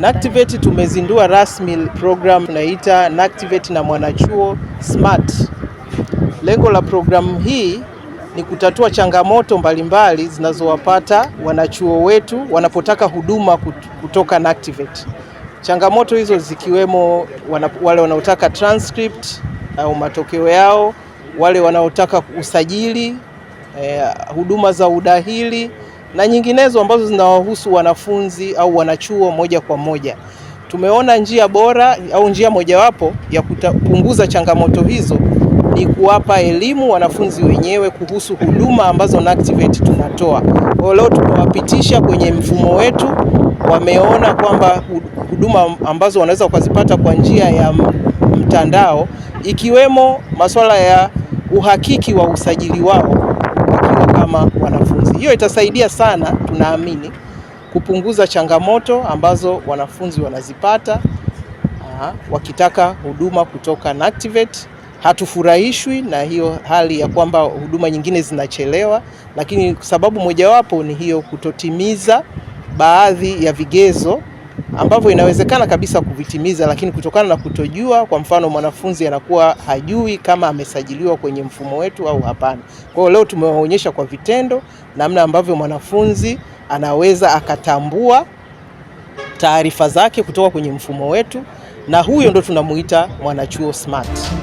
NACTIVATE tumezindua rasmi program tunaita NACTIVATE na mwanachuo SMART. Lengo la programu hii ni kutatua changamoto mbalimbali zinazowapata wanachuo wetu wanapotaka huduma kutoka NACTIVATE. Changamoto hizo zikiwemo wale wanaotaka transcript eh, au matokeo yao, wale wanaotaka usajili, eh, huduma za udahili na nyinginezo ambazo zinawahusu wanafunzi au wanachuo moja kwa moja. Tumeona njia bora au njia mojawapo ya kupunguza changamoto hizo ni kuwapa elimu wanafunzi wenyewe kuhusu huduma ambazo NACTIVATE tunatoa. Kwa leo tumewapitisha kwenye mfumo wetu, wameona kwamba huduma ambazo wanaweza kuzipata kwa njia ya mtandao ikiwemo masuala ya uhakiki wa usajili wao wakiwa kama wanafunzi. Hiyo itasaidia sana, tunaamini kupunguza changamoto ambazo wanafunzi wanazipata aa, wakitaka huduma kutoka NACTIVATE. Hatufurahishwi na hiyo hali ya kwamba huduma nyingine zinachelewa, lakini sababu mojawapo ni hiyo kutotimiza baadhi ya vigezo ambavyo inawezekana kabisa kuvitimiza, lakini kutokana na kutojua, kwa mfano mwanafunzi anakuwa hajui kama amesajiliwa kwenye mfumo wetu au hapana. Kwa hiyo leo tumewaonyesha kwa vitendo namna ambavyo mwanafunzi anaweza akatambua taarifa zake kutoka kwenye mfumo wetu, na huyo ndo tunamuita mwanachuo smart.